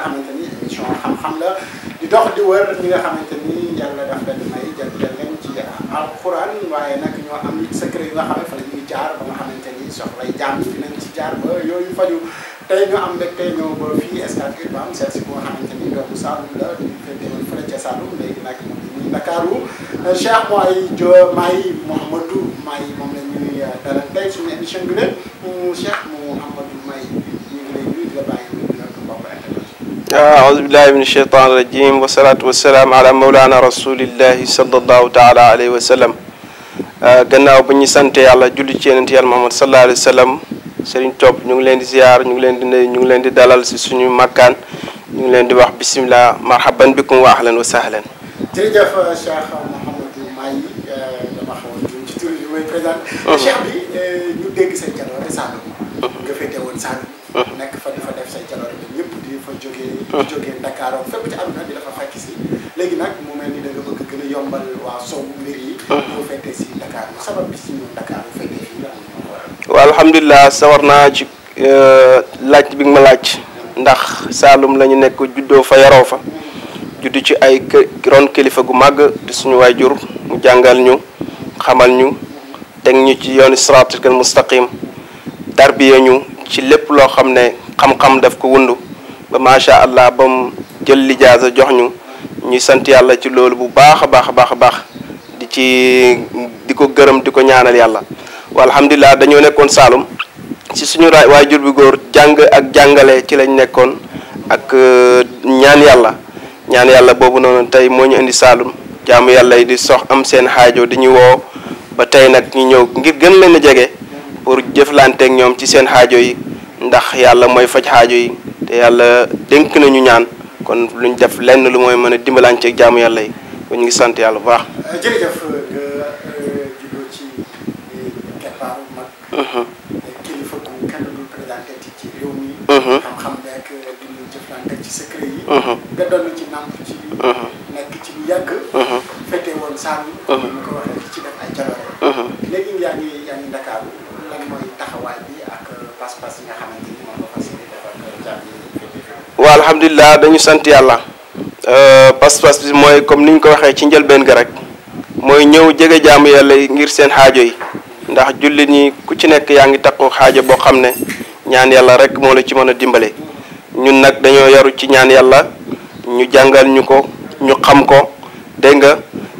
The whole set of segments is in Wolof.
nga xamante ni émission xam-xam la di dox di wër ñi nga xamante ni yàlla daf leen may jagleel leen ci alxuraan waaye nag ñoo am secret yu nga xam fa la ñuy jaar ba nga xamante ni soxlay jaam yi dinañ ci jaar ba yooyu faju tey ñu am mbégte ñëw ba fii Scat Urbam seet si bu nga xamante ni doomu Saalum la di féetewoon fële ca Saalum léegi nag muy Ndakaaru Cheikh mooy Jo May Mouhamadou moom la ñuy tey suñu émission bi de أعوذ بالله من الشيطان الرجيم والصلاة والسلام على مولانا رسول الله صلى الله تعالى عليه وسلم gannaaw ba ñu sant yàlla julli ci yonent yàlla Muhammad sallallahu alayhi wa sallam sëriñ topp ñu ngi leen di ziyaar ñu ngi leen di nuyu ñu ngi leen di dalal si suñu makkaan ñu ngi leen di wax bisimilah marhaban bikum wa ahlan wa sahlan. jërëjëf uh, Cheikh Mouhamadou Mahi uh, dama xaw a juum ci tur bi may présenté. Uh-huh. Cheikh bi uh, ñu dégg seen jàllale Saloum. Uh-huh. nga féete woon Saloum. fa jógee jógee Dakar waa sow sawar naa ci euh, laaj bi nga ma laaj ndax Saalum lañu ñu nekk juddoo fa yaroo fa judd ci ay ron kilifa gu màgg di suñu waajur mu jàngal ñu xamal ñu teg ñu ci yoonu siraatal mustaqim tarbiya ñu ci lépp loo xam ne xam-xam daf ko wundu ba macha allah ba jël lijaasa jox ñu ñuy sant yàlla ci loolu bu baax a baax a baax a baax di ci di ko gërëm di ko ñaanal yàlla. wa alhamdulilah dañoo nekkoon Saalum si suñu waajur bi góor jàng ak jàngale ci lañ nekkoon ak euh, ñaan yàlla ñaan yàlla boobu noonu tey moo ñu indi Saalum jàmm yàlla di sox am seen xaajo di ñu woo ba tey nag ñu ñëw ngir gën leen jege pour jëflanteeg ñoom ci seen xaajo yi ndax yàlla mooy faj xaajo yi. te yàlla dénk nañu ñaan kon luñ def lenn lu mooy mën a dimbalante ak jaamu yàlla yi kon ñu ngi sant yàlla bu baax. Euh, jërëjëf euh, nga euh, juddoo ci keppaaru mhm. mhm. xam-xam beeg di ñu jëflante ci secret yi. Mhm. nga doon ci nàmp nekk ci lu yàgg. fete woon Saalum. ñu ko waxee ci def ay jaloore. léegi yaa ngi yaa ngi Ndakaaru. waa alhamdulilah dañu sant yàlla euh, pas-pas bi mooy comme ni ñu ko waxee ci njëlbeen ga rek mooy ñëw jege jaamu yàlla ngir seen xaajo yi ndax jullit ñi ku ci nekk yaa ngi takku xaajo boo xam ne ñaan yàlla rek moo la ci mën a dimbale ñun nag dañoo yaru ci ñaan yàlla ñu jàngal ñu ko ñu xam ko dégg nga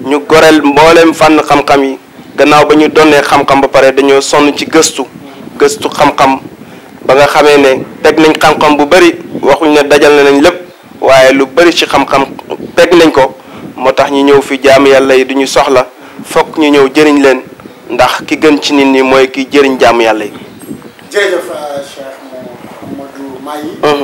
ñu goreel mbooleem fànn xam-xam yi gannaaw ba ñu donnee xam-xam ba pare dañoo sonn ci gëstu gëstu xam-xam ba nga xamee ne teg nañ xam-xam bu bari waxuñ ne dajal nañ lépp waaye lu bari ci xam-xam teg nañ ko moo tax ñu ñëw fi jaam yàlla yi duñu soxla fokk ñu ñëw jëriñ leen ndax ki gën ci nit ñi mooy ki jëriñ jaam yàlla yi. Euh,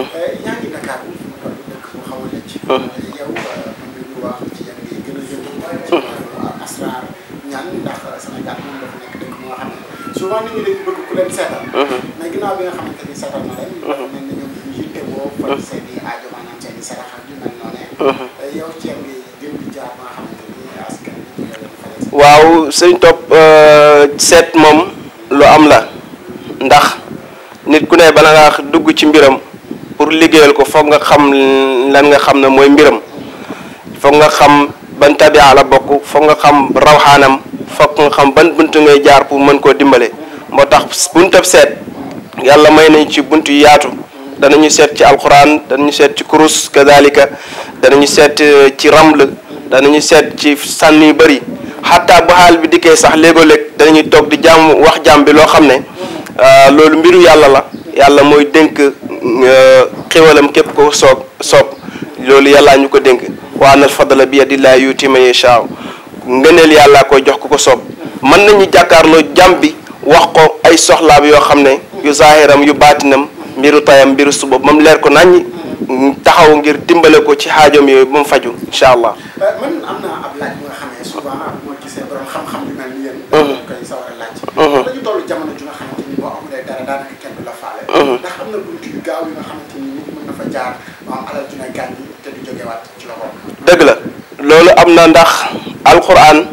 Mhm. Mhm. Mhm. Euh, waaw sëñ Top euh, seet moom lu am la ndax nit ku ne bala ngaa dugg ci mbiram pour liggéeyal ko foog nga xam lan nga xam ne mooy mbiram foog nga xam ban tabia la bokk foog nga xam rawxaanam foog nga xam ban bunt ngay jaar pour mën koo dimbale moo tax buntab seet yàlla may nañ ci bunt yu yaatu danañu seet ci alquran danañu seet ci kurus kazalika danañu seet euh, ci raml danañu seet ci sànn yu bëri xataa bu xaal bi dikkee sax léegoo-léeg danañuy toog di jàmm wax jàmm bi loo xam ne euh, loolu mbiru yàlla la yàlla mooy dénk euh, xéwalam képp ko soob soob loolu yàlla ñu ko dénk wa anal fadla bi yadillaa yuuti man yashaa ngëneel yàlla koy jox ko ko soob mën nañu jàkkaarloo jàmm bi wax ko ay soxlaam yoo xam ne yu zaahiram yu baatinam mbiru tayam mbiru suba ba mu leer ko naññi taxaw ngir dimbale ko ci xaajoom yooyu ba mu faju incha allah. Euh, man am a laaj. dañu kenn du la faale. na buntu yu ci loxo. dëgg la loolu am na ndax alquran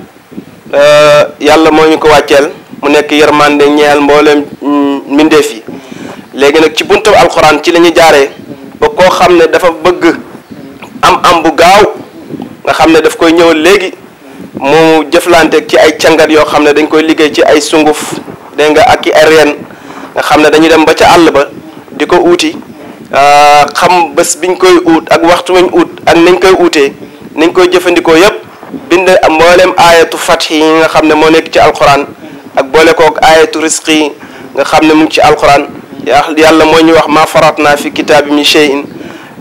euh, yàlla moo ñu ko wàcceel. mu nekk yërmande ñeel mbooleem mm, mbindeef yi léegi nag ci bunt alxuraan ci lañuy ñuy jaaree ba koo xam ne dafa bëgg am am bu gaaw nga xam ne daf koy ñëwal léegi mu jëflante ci ay cangat yoo xam ne dañ koy liggéey ci ay sunguf dégg nga ak i ay xam ne dañuy dem ba ca àll ba di ko uuti ah, xam bés biñ koy uut ak waxtu wañ uut ak nañ koy uutee nañ koy jëfandikoo yépp bind mboolem aayatu fath yi nga xam ne moo nekk ci alxuraan ak boole kook aayatu risqi nga xam ne mu ngi ci alquran yàlla moo ñuy wax ma farat naa fi kitaabi mi shay'in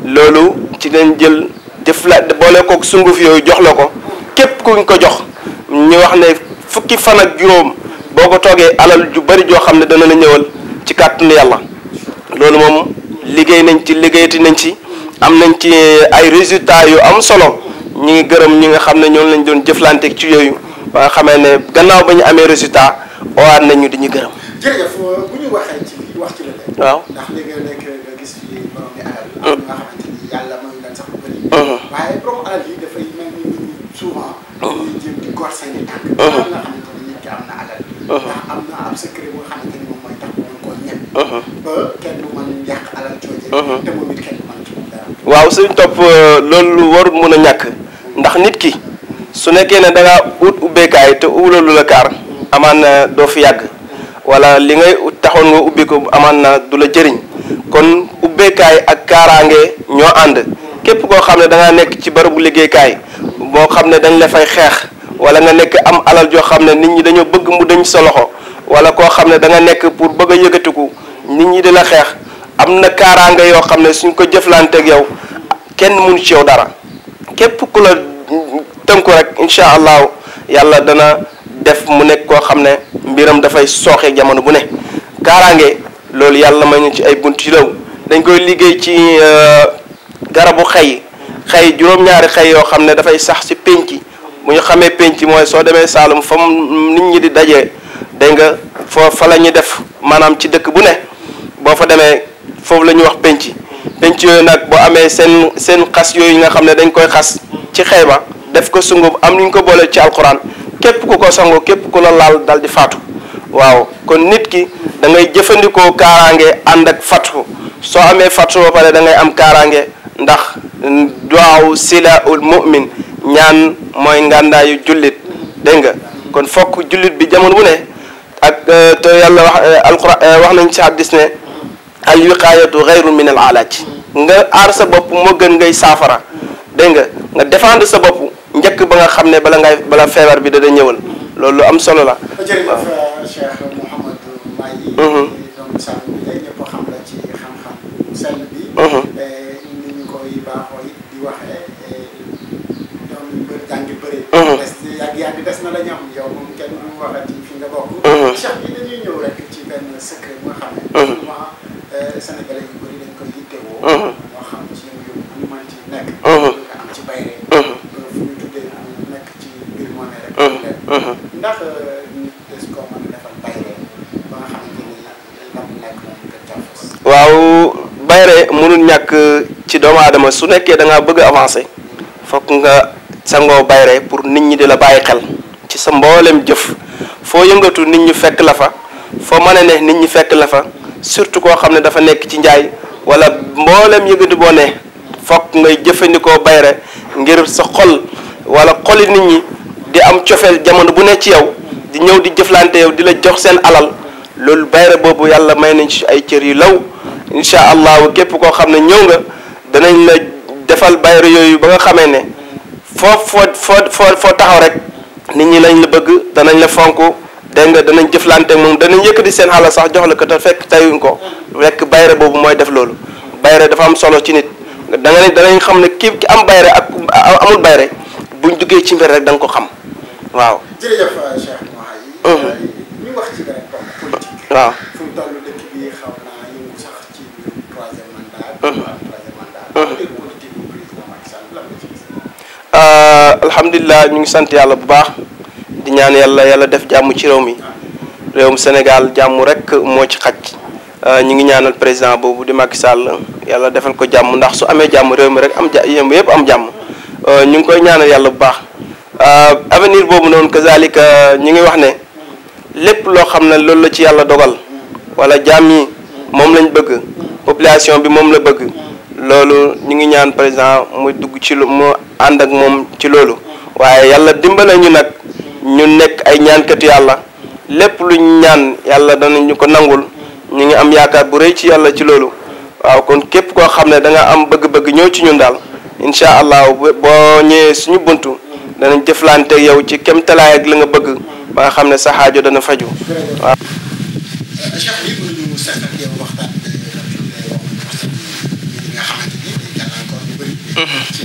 loolu ci leen jël jëflaat la boole sunguf yooyu jox la ko képp kuñ ko jox ñu wax ne fukki fan ak juróom boo ko toogee alal ju bari joo xam ne dana la ñëwal ci kàttanu yàlla loolu moom liggéey nañ ci liggéeyati nañ ci am nañ ci eh, ay résultats yu am solo ñi ngi gërëm ñi nga xam ne ñoom lañ doon jëflanteek ci yooyu ba nga xamee ne gannaaw ba ñu amee résultat owaat nañ ñu di ñu gërëm. jërëjëf euh, waaw ndax léegi nekk gis fii mm. mm-hmm. borom alal. Mm-hmm. Mm-hmm. am mën suñ topp euh, loolu warul mun a ñàkk ndax nit ki su nekkee ne da ngaa ut ubbeekaay te ubbaloo lu la kaar. amaan na doo fi yàgg wala li ngay taxoon nga ubbi ko amaan na du la jëriñ kon ubbeekaay ak kaaraange ñoo ànd képp koo xam ne danga nekk ci barabu liggéeykaay boo xam ne dañ la fay xeex wala nga nekk am alal joo xam ne nit ñi dañoo bëgg mu dañ sa loxo wala koo xam ne da nga nekk pour bëgg a yëkkatiku nit ñi di la xeex am na kaaraange yoo xam ne suñ ko jëflanteeg yow kenn mënu ci yow dara képp ku tënku rek incha allahu yàlla dana def mu nekk koo xam ne mbiram dafay sooxe jamono bu ne kaaraange loolu yàlla may ñu ci ay bunt yi law dañ koy liggéey ci euh, garabu xay xay juróom-ñaari xay yoo xam ne dafay sax si pénc bu ñu xamee pénc mooy soo demee Saalum fa nit ñi di dajee dégg nga foo la ñuy def maanaam ci dëkk bu ne boo fa demee foofu la ñuy wax pénc pénc yooyu nag boo amee seen seen xas yooyu nga xam ne dañ koy xas ci xayma def ko sungu am lu ñu ko boole ci alxuraan képp ku ko sangoo képp ku la laal dal di faatu waaw kon nit ki dangay ngay jëfandikoo kaaraange ànd ak fatu soo amee fatu ba dangay am kaaraange ndax duwaaw silaul mu'min ñaan mooy ngàndaayu jullit dégg nga kon fokk jullit bi jamono bu ne ak euh, te yàlla wax euh, alquran euh, wax nañ si hadis ne al wiqaayatu xayru min al alaaj nga aar sa bopp moo gën ngay saafara dégg nga nga défendre sa bopp njëkk ba nga xam ne bala ngay bala feebar bi dana ñëwal loolu lu am solo la. jërëjëf Cheikh Mouhamadou waaw bayre mënul ñàkk ci doomu aadama su nekkee da ngaa bëgg avancé avancer fokk nga sangoo bayre pour nit ñi di la bàyyi xel ci sa mboolem jëf foo yëngatu nit ñi fekk la fa foo mën a ne nit ñi fekk la fa surtout koo xam ne dafa nekk ci njaay wala mboolem yëngatu boo ne fokk ngay jëfandikoo bayre ngir sa xol wala xoli nit ñi di am cofeel jamono bu ne ci yow di ñëw di jëflante yow di la jox seen alal loolu bayre boobu yàlla may nañ ci ay cër yu law incha allahu képp koo xam ne ñëw nga danañ la defal bayre yooyu ba nga xamee ne foo foo foo foo foo taxaw rek nit ñi lañ la bëgg danañ la fonk dégg nga danañ jëflante moom danañ di seen xala sax jox la ko te fekk tayuñ ko rekk bayre boobu mooy def loolu bayre dafa am solo ci nit da ne danañ xam ne kii ki am bayre ak amul bayre buñ duggee ci mbir rek da ko xam waaw waaw Euh, alhamdulilah ñu ngi sant yàlla bu baax di ñaan yàlla yàlla def jàmm ci réew mi réewum Sénégal jàmm rek moo ci xaj euh, ñu ngi ñaanal président boobu di Macky Sall yàlla defal ko jàmm ndax su amee jàmm réew mi rek am ja yëpp am jàmm euh, ñu ngi koy ñaanal yàlla bu baax avenir boobu noonu kazalika ñu ngi wax ne lépp loo xam ne loolu la ci yàlla dogal wala jàmm yi moom lañ bëgg population bi moom la bëgg loolu ñu ngi ñaan président muy dugg ci lu mu ànd ak moom ci loolu waaye yàlla dimbale ñu nag ñu nekk ay ñaankatu yàlla lépp luñ ñaan yàlla ñu ko nangul ñu ngi am yaakaar bu rëy ci yàlla ci loolu waaw kon képp koo xam ne danga am bëgg-bëgg ñëw ci ñun daal incha allah boo ñëwee suñu buntu danañ jëflante yow ci kem talaay ak la nga bëgg ba nga xam ne sa xaajo dana faju waaw ci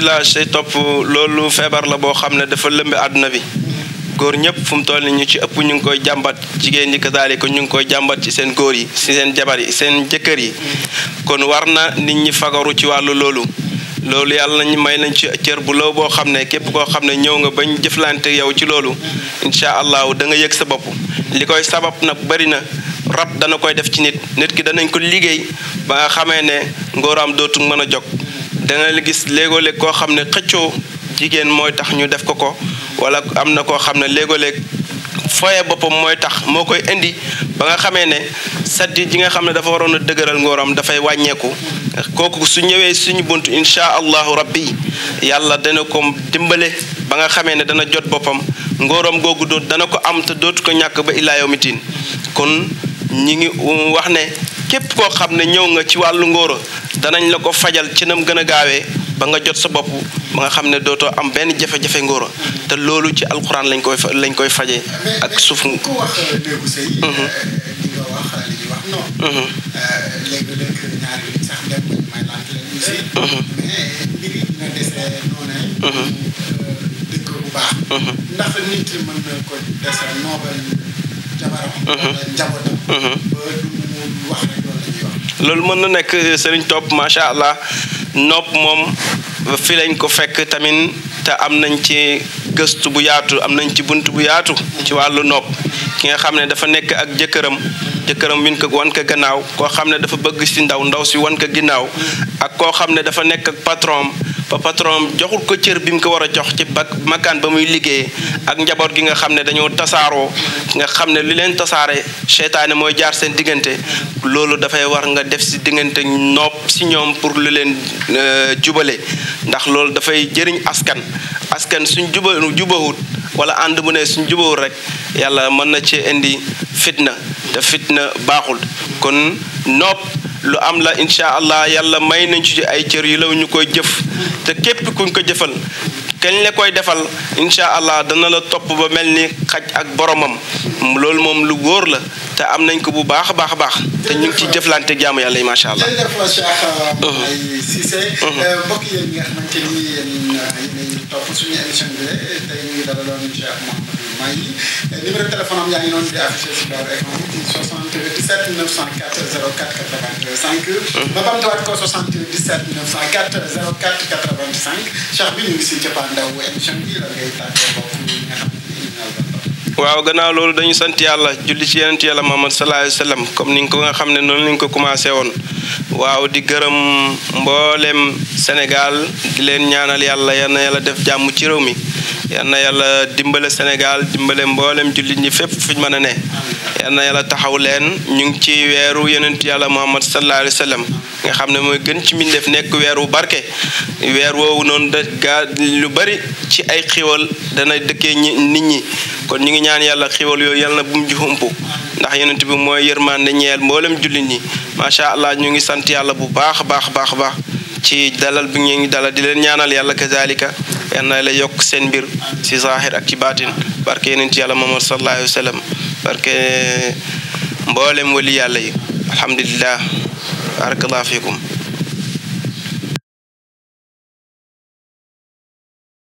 neegu sëñ topp loolu feebar la boo xam ne dafa lëmbe àdduna bi. góor ñëpp fu mu ni ñu ci ëpp ñu ngi koy jàmbat jigéen ñi kasaali ko ñu ngi koy jàmbat ci seen góor yi ci seen jabar yi seen jëkkër yi kon war na nit ñi fagaru ci wàllu loolu loolu yàlla nañ may nañ ci cër bu law boo xam ne képp koo xam ne ñëw nga bañ jëflante yow ci loolu incha allahu da nga yëg sa bopp li koy sabab nag bari na rab dana koy def ci nit nit ki danañ ko liggéey ba nga xamee ne ngóoraam dootu mën a jog danga gis léegoo-léeg koo xam ne xëccoo jigéen mooy tax ñu def ko ko wala am na koo xam ne léegoo-léeg foye boppam mooy tax moo koy indi ba nga xamee ne saddi ji nga xam ne dafa waroon a dëgëral ngóoram dafay wàññeeku kooku su ñëwee suñu bunt insha allahu rabbi yàlla dana ko dimbale ba nga xamee ne dana jot boppam ngóoram googu doot dana ko am te dootu ko ñàkk ba illaa yawmi diin kon ñi ngi wax ne képp koo xam ne ñëw nga ci wàllu ngoro danañ la ko fajal ci nam gën a gaawee ba nga jot sa bopp ba nga xam ne dootoo am benn jafe-jafe ngóoro te loolu ci alquran lañ koy lañ koy faje ak suuf. Euh, léegi uh-huh. euh, uh-huh. euh, uh-huh. mën na loolu mën na nekk Serigne Top macha allah nopp moom fi lañ ko fekk tamit. te am nañ ci gëstu bu yaatu am nañ ci bunt bu yaatu ci wàllu nopp ki nga xam ne dafa nekk ak jëkkëram jëkkëram win ko wan ko gannaaw koo xam ne dafa bëgg si ndaw ndaw si wan ko ginnaaw ak koo xam ne dafa nekk ak patron ba patron joxul ko cër bi mu ko war a jox ci ba makkaan ba muy liggéey ak njaboot gi nga xam ne dañoo tasaaroo nga xam ne li leen tasaare seytaane mooy jaar seen diggante loolu dafay war nga def si diggante nopp si ñoom pour li leen euh, jubale ndax loolu dafay jëriñ askan askan suñ juba jubawut wala ànd bu ne suñ jubawut rek yàlla mën na ci indi fitna te fitna baaxul kon nopp lu am la incha allah yàlla may nañ ci ay cër yi law ñu koy jëf te képp kuñ ko jëfal kañ la koy defal incha allah dana la topp ba mel ni xaj ak boromam loolu moom lu góor la te am nañ ko bu baax a baax a baax te ñu ci jëflante jaamu yàlla yi macha allah. Euh, uh-huh. uh-huh. euh, mbokk yéen maa ngi numéro téléphone am yaa ngi noonu di affiché si boobu écran bi 77 904 04 85. ma bamtuwaat ko 77 904 04 85 Cheikh bi ñu ngi si cappaandaw émission bi la ngay tàggoo bokk nga xam waaw gannaaw loolu dañu sant yàlla julli ci yenent yàlla Muhammad sallallahu alayhi comme ni nga ko nga xam ne noonu lañ ko commencé woon waaw di gërëm mboolem Sénégal di leen ñaanal yàlla yal na yàlla def jàmm ci réew mi na yàlla dimbale Sénégal dimbale mboolem jullit ñi fépp fuñ mën a ne yal na yàlla taxaw leen ñu ngi ci weeru yonent yàlla muhammad sallallahu alayhi wa nga xam ne mooy gën ci mbindeef nekk weer wu barke weer woowu noonu da gaa lu bari ci ay xiwal dana dëkkee nit ñi kon ñu ngi ñaan yàlla xiwal yooyu yàlla na bu mu juxump ndax yonent bi mooy yërmande ñeel mboolem jullit ñi macha allah ñu ngi sant yàlla bu baax baax baax baax ci dalal bi ngeen ngi dalal di leen ñaanal yàlla kazalika yal na la yokk seen mbir si zahir ak ci baatin barke yonent yàlla muhammad sallallahu alayhi wa sallam barke mboolem wali yàlla yi alhamdulilah barakallahu fiikum